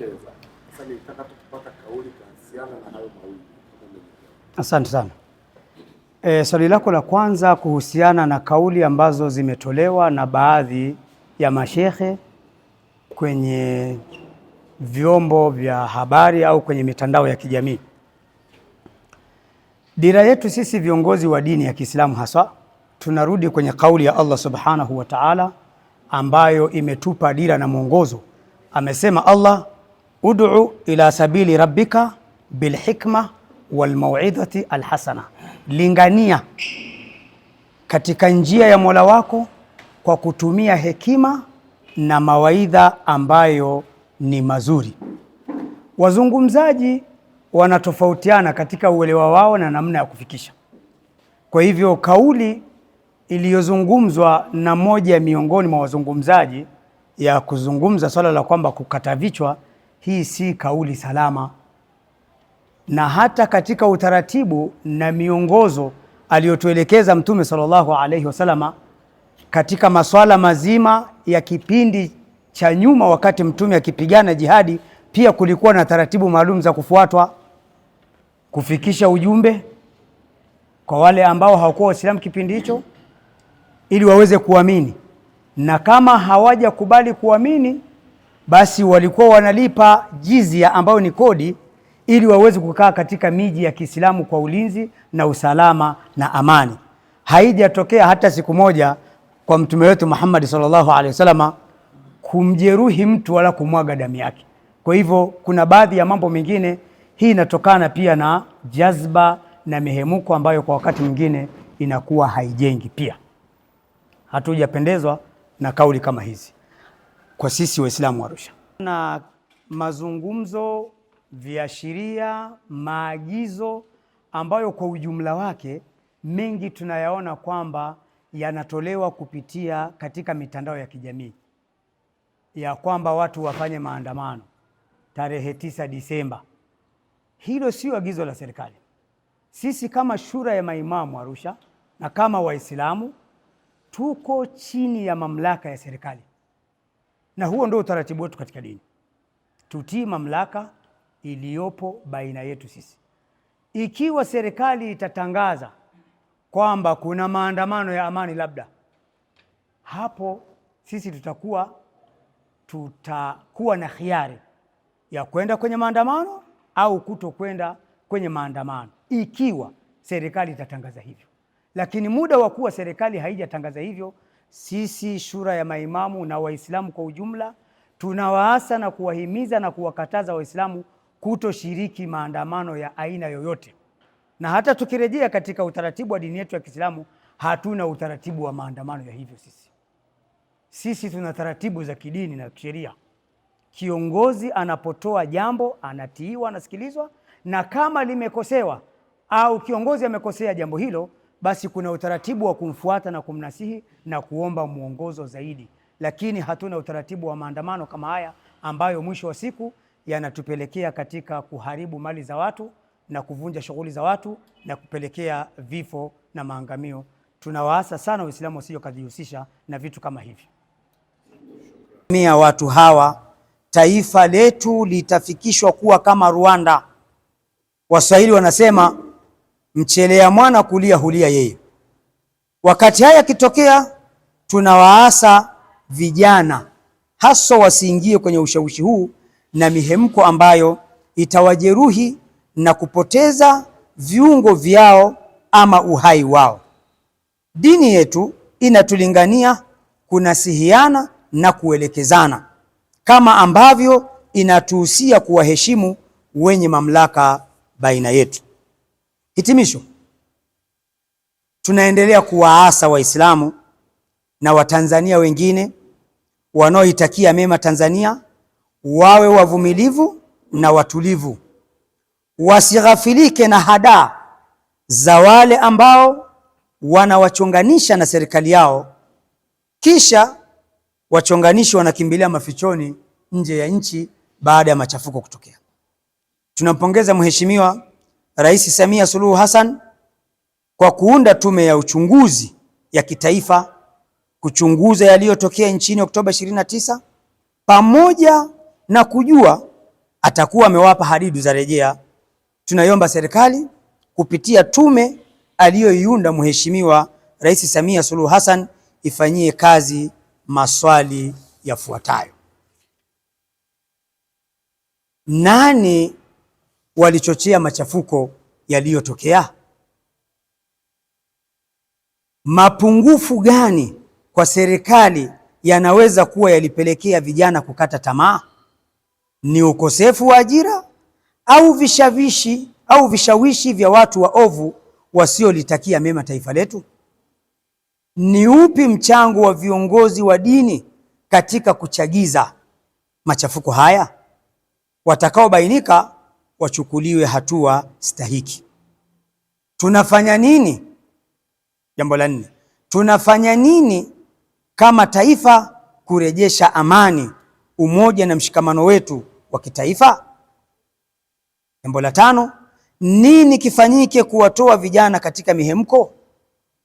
Sasa nilitaka kauli kuhusiana na hayo mawili. Asante sana. E, swali lako la kwanza kuhusiana na kauli ambazo zimetolewa na baadhi ya mashehe kwenye vyombo vya habari au kwenye mitandao ya kijamii. Dira yetu sisi viongozi wa dini ya Kiislamu haswa tunarudi kwenye kauli ya Allah Subhanahu wa Ta'ala ambayo imetupa dira na mwongozo. Amesema Allah ud'u ila sabili rabbika bilhikma walmauidhati alhasana, lingania katika njia ya Mola wako kwa kutumia hekima na mawaidha ambayo ni mazuri. Wazungumzaji wanatofautiana katika uelewa wao na namna ya kufikisha. Kwa hivyo kauli iliyozungumzwa na moja miongoni mwa wazungumzaji ya kuzungumza swala la kwamba kukata vichwa hii si kauli salama, na hata katika utaratibu na miongozo aliyotuelekeza Mtume sallallahu alaihi wasallam katika maswala mazima ya kipindi cha nyuma, wakati Mtume akipigana jihadi, pia kulikuwa na taratibu maalum za kufuatwa kufikisha ujumbe kwa wale ambao hawakuwa Waislamu kipindi hicho, ili waweze kuamini, na kama hawajakubali kuamini basi walikuwa wanalipa jizia ambayo ni kodi ili waweze kukaa katika miji ya Kiislamu kwa ulinzi na usalama na amani. Haijatokea hata siku moja kwa mtume wetu Muhammad sallallahu alaihi wasallam kumjeruhi mtu wala kumwaga damu yake. Kwa hivyo kuna baadhi ya mambo mengine, hii inatokana pia na jazba na mihemuko ambayo kwa wakati mwingine inakuwa haijengi. Pia hatujapendezwa na kauli kama hizi kwa sisi Waislamu Arusha na mazungumzo, viashiria, maagizo ambayo kwa ujumla wake mengi tunayaona kwamba yanatolewa kupitia katika mitandao ya kijamii ya kwamba watu wafanye maandamano tarehe tisa Disemba. Hilo sio agizo la serikali. Sisi kama shura ya maimamu Arusha na kama Waislamu tuko chini ya mamlaka ya serikali na huo ndio utaratibu wetu katika dini. Tutii mamlaka iliyopo baina yetu sisi. Ikiwa serikali itatangaza kwamba kuna maandamano ya amani, labda hapo sisi tutakuwa tutakuwa na hiari ya kwenda kwenye maandamano au kutokwenda kwenye maandamano, ikiwa serikali itatangaza hivyo. Lakini muda wa kuwa serikali haijatangaza hivyo sisi Shura ya Maimamu na Waislamu kwa ujumla tunawaasa na kuwahimiza na kuwakataza Waislamu kutoshiriki maandamano ya aina yoyote, na hata tukirejea katika utaratibu wa dini yetu ya Kiislamu hatuna utaratibu wa maandamano ya hivyo. Sisi sisi tuna taratibu za kidini na kisheria. Kiongozi anapotoa jambo anatiiwa, anasikilizwa, na kama limekosewa au kiongozi amekosea jambo hilo basi kuna utaratibu wa kumfuata na kumnasihi na kuomba mwongozo zaidi, lakini hatuna utaratibu wa maandamano kama haya ambayo mwisho wa siku yanatupelekea katika kuharibu mali za watu na kuvunja shughuli za watu na kupelekea vifo na maangamio. Tunawaasa sana Waislamu wasijokajihusisha na vitu kama hivyo. Mia watu hawa, taifa letu litafikishwa kuwa kama Rwanda. Waswahili wanasema mchelea mwana kulia hulia yeye. Wakati haya yakitokea, tunawaasa vijana haswa wasiingie kwenye ushawishi huu na mihemko ambayo itawajeruhi na kupoteza viungo vyao ama uhai wao. Dini yetu inatulingania kunasihiana na kuelekezana kama ambavyo inatuhusia kuwaheshimu wenye mamlaka baina yetu. Hitimisho, tunaendelea kuwaasa Waislamu na Watanzania wengine wanaoitakia mema Tanzania wawe wavumilivu na watulivu, wasighafilike na hadaa za wale ambao wanawachonganisha na serikali yao, kisha wachonganishi wanakimbilia mafichoni nje ya nchi baada ya machafuko kutokea. Tunampongeza mheshimiwa Rais Samia Suluhu Hassan kwa kuunda tume ya uchunguzi ya kitaifa kuchunguza yaliyotokea nchini Oktoba 29 pamoja na kujua atakuwa amewapa hadidu za rejea. Tunaiomba serikali kupitia tume aliyoiunda Mheshimiwa Rais Samia Suluhu Hassan ifanyie kazi maswali yafuatayo: nani walichochea machafuko yaliyotokea? Mapungufu gani kwa serikali yanaweza kuwa yalipelekea vijana kukata tamaa? Ni ukosefu wa ajira au vishawishi au vishawishi vya watu waovu wasiolitakia mema taifa letu? Ni upi mchango wa viongozi wa dini katika kuchagiza machafuko haya? Watakaobainika wachukuliwe hatua stahiki. Tunafanya nini? Jambo la nne, tunafanya nini kama taifa kurejesha amani, umoja na mshikamano wetu wa kitaifa? Jambo la tano, nini kifanyike kuwatoa vijana katika mihemko,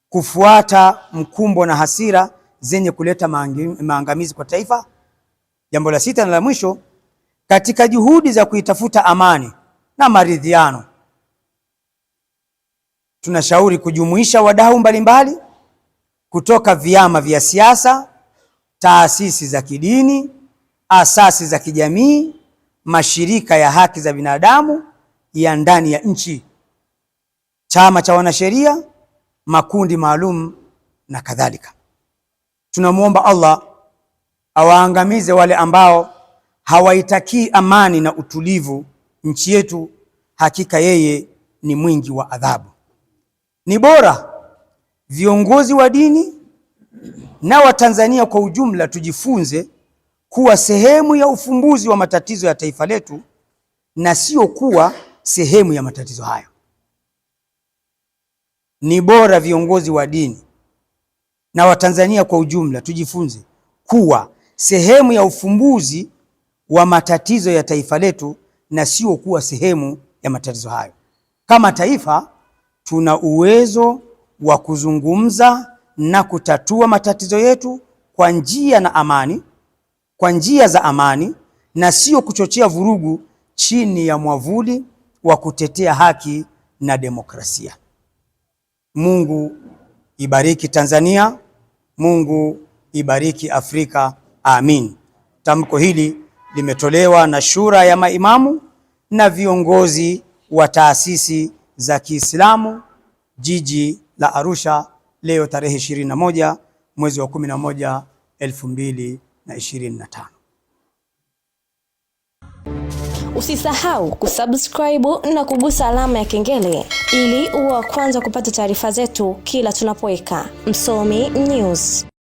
kufuata mkumbo na hasira zenye kuleta maangamizi kwa taifa? Jambo la sita na la mwisho, katika juhudi za kuitafuta amani na maridhiano. Tunashauri kujumuisha wadau mbalimbali kutoka vyama vya siasa, taasisi za kidini, asasi za kijamii, mashirika ya haki za binadamu ya ndani ya nchi, chama cha wanasheria, makundi maalum na kadhalika. Tunamwomba Allah awaangamize wale ambao hawaitakii amani na utulivu nchi yetu, hakika yeye ni mwingi wa adhabu. Ni bora viongozi wa dini na Watanzania kwa ujumla tujifunze kuwa sehemu ya ufumbuzi wa matatizo ya taifa letu na sio kuwa sehemu ya matatizo hayo. Ni bora viongozi wa dini na Watanzania kwa ujumla tujifunze kuwa sehemu ya ufumbuzi wa matatizo ya taifa letu na sio kuwa sehemu ya matatizo hayo. Kama taifa tuna uwezo wa kuzungumza na kutatua matatizo yetu kwa njia na amani, kwa njia za amani na sio kuchochea vurugu chini ya mwavuli wa kutetea haki na demokrasia. Mungu ibariki Tanzania, Mungu ibariki Afrika. Amin. Tamko hili limetolewa na Shura ya Maimamu na viongozi wa taasisi za Kiislamu jiji la Arusha leo tarehe 21 mwezi wa 11 2025. Usisahau kusubscribe na kugusa alama ya kengele ili uwe wa kwanza kupata taarifa zetu kila tunapoweka Msomi News.